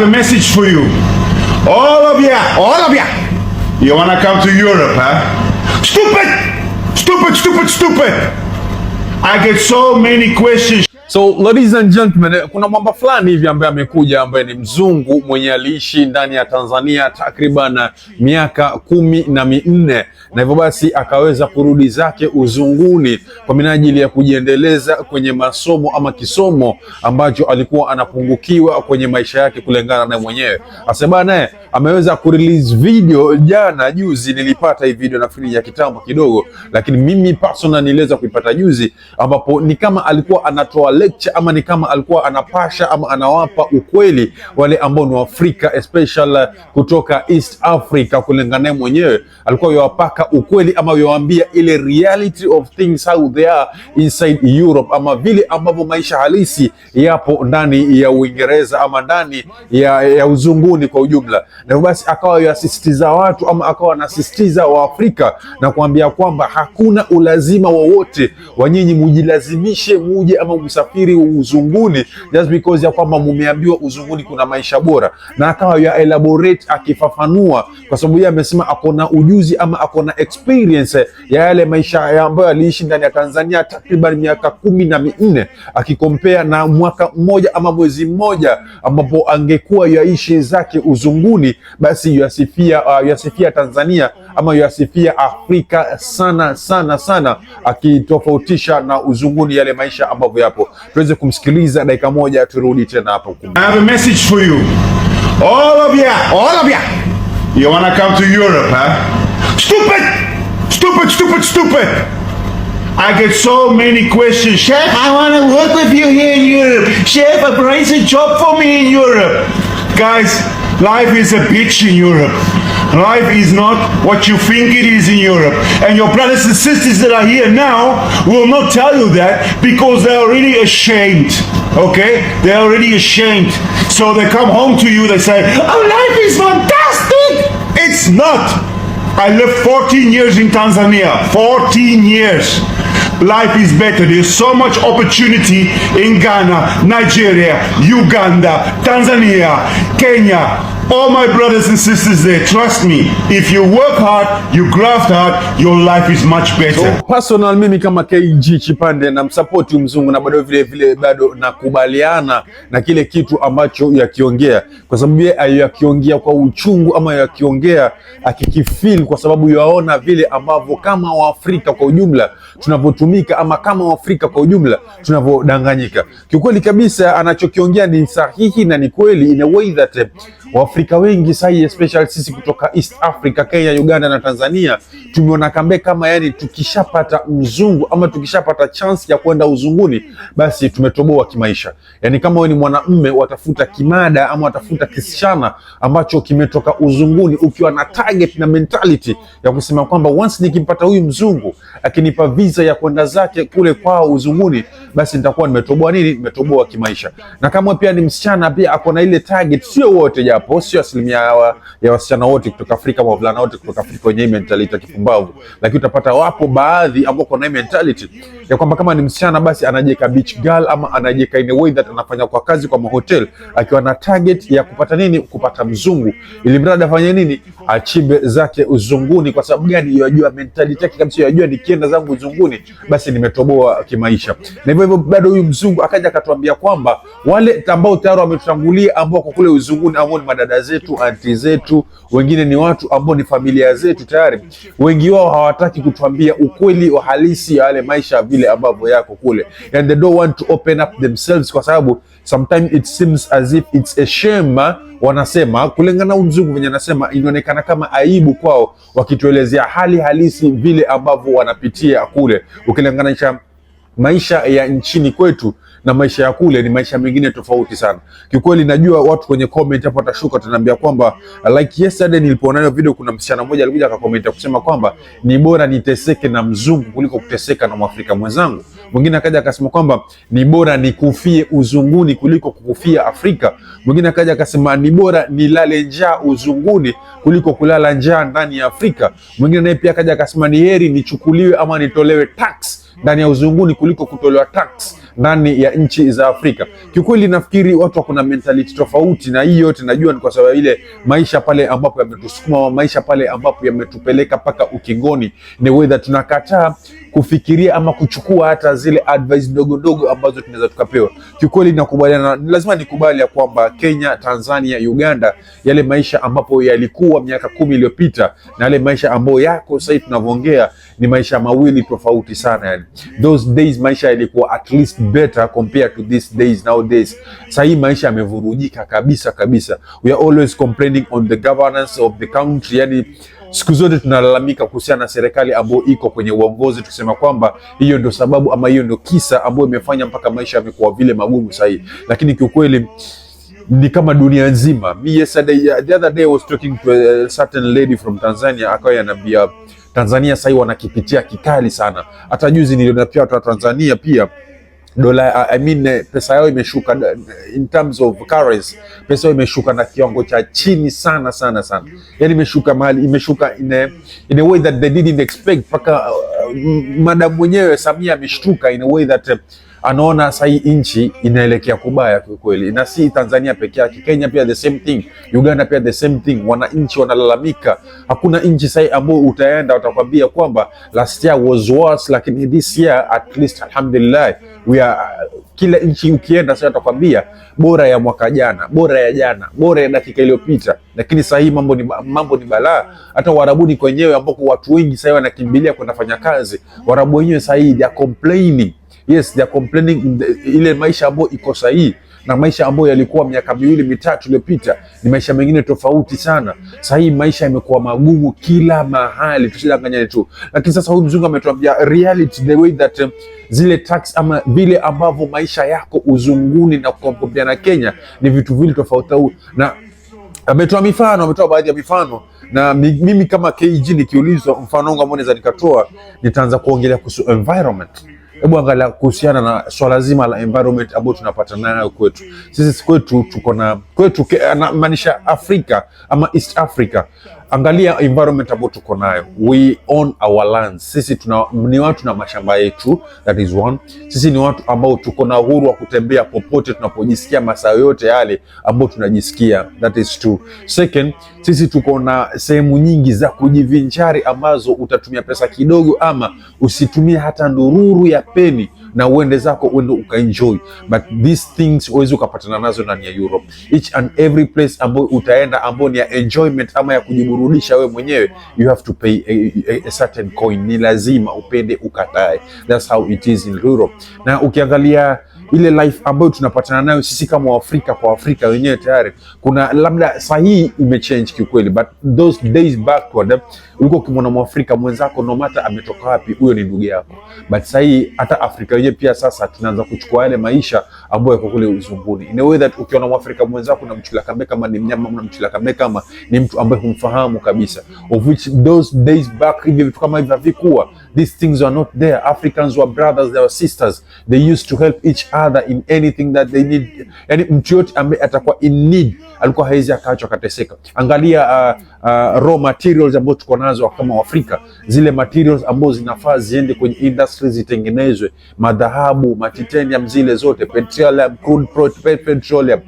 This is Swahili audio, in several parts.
have a message for you. All of you, all of you. You want to come to Europe, huh? Stupid! Stupid, stupid, stupid! I get so many questions. So ladies and gentlemen, eh, kuna mwamba fulani hivi ambaye amekuja ambaye ni mzungu mwenye aliishi ndani ya Tanzania takriban miaka kumi na minne na hivyo basi akaweza kurudi zake uzunguni kwa minajili ya kujiendeleza kwenye masomo ama kisomo ambacho alikuwa anapungukiwa kwenye maisha yake kulingana na mwenyewe. Asema naye eh, ameweza kurelease video jana juzi, nilipata hii video nafikiri ya kitambo kidogo, lakini mimi personal niliweza kuipata juzi, ambapo ni kama alikuwa anatoa lecture ama ni kama alikuwa anapasha ama anawapa ukweli wale ambao ni Waafrika especially kutoka East Africa, kulingana naye mwenyewe alikuwa yowapaka ukweli ama yawaambia ile reality of things how they are inside Europe, ama vile ambavyo maisha halisi yapo ndani ya Uingereza ama ndani ya, ya uzunguni kwa ujumla. Na basi akawa yasisitiza watu ama akawa anasisitiza Waafrika na kuambia kwamba hakuna ulazima wowote wa, wa nyinyi mujilazimishe muje ama msafiri kusafiri uzunguni just because ya kwamba mumeambiwa uzunguni kuna maisha bora, na akawa ya elaborate akifafanua, kwa sababu yeye amesema ako na ujuzi ama ako na experience ya yale maisha ambayo aliishi ndani ya Tanzania takriban miaka kumi na minne akikompea na mwaka mmoja ama mwezi mmoja ambapo angekuwa yaishi zake uzunguni, basi yasifia, uh, yasifia Tanzania ama yasifia Afrika sana sana sana, akitofautisha na uzunguni yale maisha ambavyo yapo. Tuweze kumsikiliza dakika moja, turudi tena hapo. I have a message for you all of you all of you you wanna come to Europe huh? Stupid stupid stupid stupid I get so many questions. Chef, I want to work with you here in Europe. Chef, arrange a job for me in Europe. Guys, life is a bitch in Europe. Life is not what you think it is in Europe. And your brothers and sisters that are here now will not tell you that because they're already ashamed. Okay? They're already ashamed. So they come home to you, they say, Oh, life is fantastic! It's not. I lived 14 years in Tanzania. 14 years life is better. There's so much opportunity in Ghana, Nigeria, Uganda, Tanzania, Kenya, All my brothers and sisters there, trust me, if you work hard, you graft hard, your life is much better. So, personal mimi kama KG Chipande na msapoti mzungu na bado vile vile bado nakubaliana na kile kitu ambacho yakiongea, kwa sababu yeye ayakiongea kwa uchungu ama yakiongea akikifil kwa sababu yaona vile ambavyo kama Waafrika kwa ujumla tunavyotumika ama kama Waafrika kwa ujumla tunavyodanganyika. Kiukweli kabisa anachokiongea ni sahihi na ni kweli in a way that eh, Waafrika wengi sai, especially sisi kutoka East Africa, Kenya, Uganda na Tanzania, tumeona kambe kama yani, tukishapata mzungu ama tukishapata chance ya kwenda uzunguni, basi tumetoboa kimaisha. Yani kama wewe ni mwanamume, watafuta kimada ama watafuta kisichana ambacho kimetoka uzunguni, ukiwa na target na mentality ya kusema kwamba once nikimpata huyu mzungu akinipa visa ya kwenda zake kule kwao uzunguni, basi nitakuwa nimetoboa nini, nimetoboa kimaisha. Na kama pia ni msichana pia ako na ile target, sio wote japo sio asilimia ya, ya wasichana wote kutoka Afrika, au wavulana wote kutoka Afrika wenye mentality ya kipumbavu, lakini utapata wapo baadhi ambao kuna hii mentality ya kwamba kama ni msichana basi anajeka beach girl ama anajeka in a way that anafanya kwa kazi kwa mahotel akiwa na target ya kupata nini, kupata mzungu, ili mradi afanye nini, achimbe zake uzunguni. Kwa sababu gani? Yajua mentality yake kabisa, yajua ni nikienda zangu zunguni, basi nimetoboa kimaisha. Na hivyo hivyo bado huyu mzungu akaja akatuambia kwamba wale ambao tayari wametangulia, ambao kwa kule uzunguni ambao ni madada zetu, anti zetu, wengine ni watu ambao ni familia zetu tayari, wengi wao hawataki kutuambia ukweli wa halisi ya yale maisha vile ambavyo yako kule, and they don't want to open up themselves kwa sababu sometimes it seems as if it's a shame, eh, wanasema kulingana uzungu venye anasema, inaonekana kama aibu kwao, wakituelezea hali halisi vile ambavyo wanapitia kule, ukilinganisha maisha ya nchini kwetu na maisha ya kule ni maisha mengine tofauti sana. Kiukweli najua watu kwenye comment hapo watashuka, tunaambia kwamba like yesterday nilipoona hiyo video, kuna msichana mmoja alikuja akakomenti kusema kwamba ni bora niteseke na mzungu kuliko kuteseka na mwafrika mwenzangu. Mwingine akaja akasema kwamba ni bora nikufie uzunguni kuliko kukufia Afrika. Mwingine akaja akasema ni bora nilale njaa uzunguni kuliko kulala njaa ndani ya Afrika. Mwingine naye pia akaja akasema ni heri nichukuliwe ama nitolewe tax ndani ya uzunguni kuliko kutolewa tax ndani ya nchi za Afrika. Kiukweli nafikiri watu wako na mentality tofauti, na hii yote najua ni kwa sababu ile maisha pale ambapo yametusukuma, maisha pale ambapo yametupeleka mpaka ukingoni, ni whether tunakataa kufikiria ama kuchukua hata zile advice ndogo ndogo ambazo tunaweza tukapewa. Kiukweli nakubaliana, lazima nikubali ya kwamba Kenya, Tanzania, Uganda, yale maisha ambapo yalikuwa miaka kumi iliyopita na yale maisha ambayo yako sasa tunavyoongea ni maisha mawili tofauti sana yani. Those days maisha yalikuwa at least better compared to these days nowadays. Sasa maisha yamevurujika kabisa kabisa, we are always complaining on the governance of the country, yani siku zote tunalalamika kuhusiana na serikali ambayo iko kwenye uongozi, tukisema kwamba hiyo ndio sababu ama hiyo ndio kisa ambayo imefanya mpaka maisha yamekuwa vile magumu sasa lakini kiukweli ni kama dunia nzima. Me yesterday, the other day I was talking to a certain lady from Tanzania, akawa yanambia Tanzania sasa wanakipitia kikali sana. Hata juzi niliona pia watu wa Tanzania pia dola I mean, eh, pesa yao imeshuka eh, in terms of currency, pesa yao imeshuka na kiwango cha chini sana sana sana, yani imeshuka mahali, imeshuka in a, in a way that they didn't expect. Mpaka uh, eh, madam mwenyewe Samia ameshtuka in a way that uh, anaona sahii nchi inaelekea kubaya kiukweli, na si Tanzania peke yake, Kenya pia the same thing, Uganda pia the same thing. Wananchi wanalalamika, hakuna nchi sahii ambayo utaenda watakwambia kwamba last year was worse, lakini this year at least alhamdulillah we are uh, kila nchi ukienda sasa atakwambia bora ya mwaka jana, bora ya jana, bora ya dakika iliyopita, lakini sasa hii mambo ni, mambo ni balaa. Hata Warabuni kwenyewe ambako watu wengi sasa wanakimbilia kwenda fanya kazi, Warabu wenyewe sasa hii they are complaining Yes, they are complaining in the, ile maisha ambayo iko sahihi na maisha ambayo yalikuwa miaka miwili mitatu iliyopita ni maisha mengine tofauti sana. Sasa hii maisha imekuwa magumu kila mahali, tusidanganyane tu. Lakini sasa huyu mzungu ametuambia reality the way that um, zile tax ama vile ambavyo maisha yako uzunguni na kukompea na Kenya ni vitu vile tofauti, na ametoa mifano, ametoa baadhi ya mifano na mimi kama KG nikiulizwa mfano wangu ambao naweza nikatoa, nitaanza kuongelea kuhusu environment hebu angalia kuhusiana na swala zima la environment ambayo tunapata nayo kwetu sisi. Kwetu tuko na kwetu, namaanisha Afrika ama East Africa angalia environment ambayo tuko nayo, we own our land. Sisi tuna, ni watu na mashamba yetu, that is one. Sisi ni watu ambao tuko na uhuru wa kutembea popote tunapojisikia masaa yote yale ambao tunajisikia, that is two. Second, sisi tuko na sehemu nyingi za kujivinjari ambazo utatumia pesa kidogo ama usitumie hata ndururu ya peni na uende zako uende ukaenjoy, but these things huwezi ukapatana nazo ndani ya Europe. Each and every place ambayo utaenda ambayo ni ya enjoyment ama ya kujiburudisha wewe mwenyewe, you have to pay a, a, a certain coin. Ni lazima upende ukatae, that's how it is in Europe. Na ukiangalia ile life ambayo tunapatana nayo sisi kama Waafrika kwa Afrika wenyewe tayari kuna labda saa hii imechange kiukweli, but those days backward ulikuwa ukimwona Mwafrika mwenzako no matter ametoka wapi, huyo ni ndugu yako. But saa hii hata Afrika wenyewe pia sasa tunaanza kuchukua yale maisha ambayo yako kule uzunguni, in a way that ukiona Mwafrika mwenzako unamchukulia kama ni mnyama, unamchukulia kama ni mtu ambaye humfahamu kabisa, of which those days back hivi vitu kama hivyo havikuwa These things were not there. Africans were brothers, they were sisters. They used to help each other in anything that they need. Yani mtu yote ambaye atakuwa in need alikuwa hawezi akaachwa akateseka. Angalia uh, uh, raw materials ambazo tuko nazo kama afrika zile materials ambazo zinafaa ziende kwenye industry zitengenezwe, madhahabu, matitanium, zile zote, petroleum, crude petroleum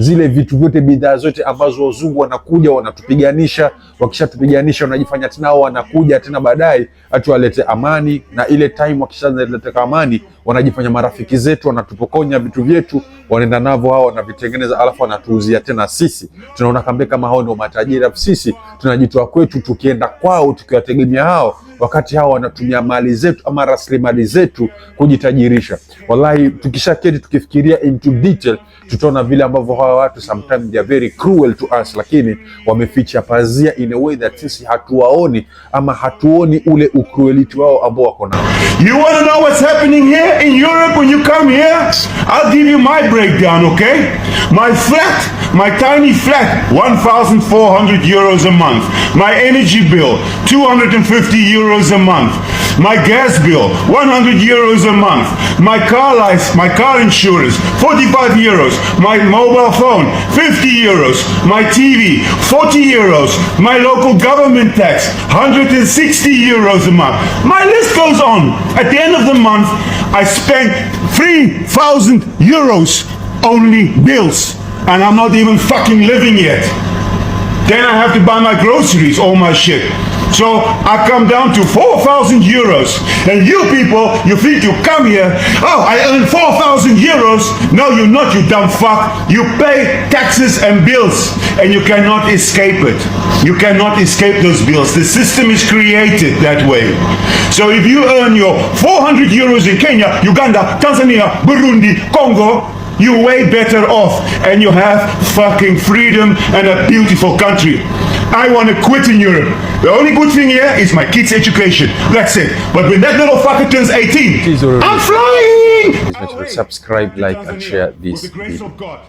zile vitu vyote, bidhaa zote ambazo wazungu wanakuja wanatupiganisha, wakishatupiganisha wanajifanya tena wanakuja tena baadaye atuwalete amani, na ile time wakishaleta amani wanajifanya marafiki zetu, wanatupokonya vitu vyetu, wanaenda navyo hao, wanavitengeneza alafu wanatuuzia tena sisi. Tunaona kambe kama hao ndio matajiri, alafu sisi tunajitoa kwetu, tukienda kwao, tukiwategemea hao, wakati hao wanatumia mali zetu ama rasilimali zetu kujitajirisha. Wallahi, tukisha keti tukifikiria into detail, tutaona vile ambavyo hawa watu sometimes they are very cruel to us, lakini wameficha pazia in a way that sisi hatuwaoni ama hatuoni ule ukrueliti wao ambao wako nao. You want to know what's happening here? in Europe, when you come here, I'll give you my breakdown, okay? My flat, my tiny flat, 1,400 euros a month. My energy bill, 250 euros a month my gas bill, 100 euros a month, my car life, my car insurance, 45 euros, my mobile phone, 50 euros, my TV, 40 euros, my local government tax, 160 euros a month. My list goes on. At the end of the month, I spent 3,000 euros only bills, and I'm not even fucking living yet. Then I have to buy my groceries, all my shit. So I come down to 4,000 euros. And you people, you think you come here, oh, I earn 4,000 euros. No, you're not, you dumb fuck. You pay taxes and bills, and you cannot escape it. You cannot escape those bills. The system is created that way. So if you earn your 400 euros in Kenya, Uganda, Tanzania, Burundi, Congo, you're way better off and you have fucking freedom and a beautiful country. I want to quit in Europe. The only good thing here is my kids' education. That's it. But when that little fucker turns 18, I'm flying! Subscribe, like, and share this. video.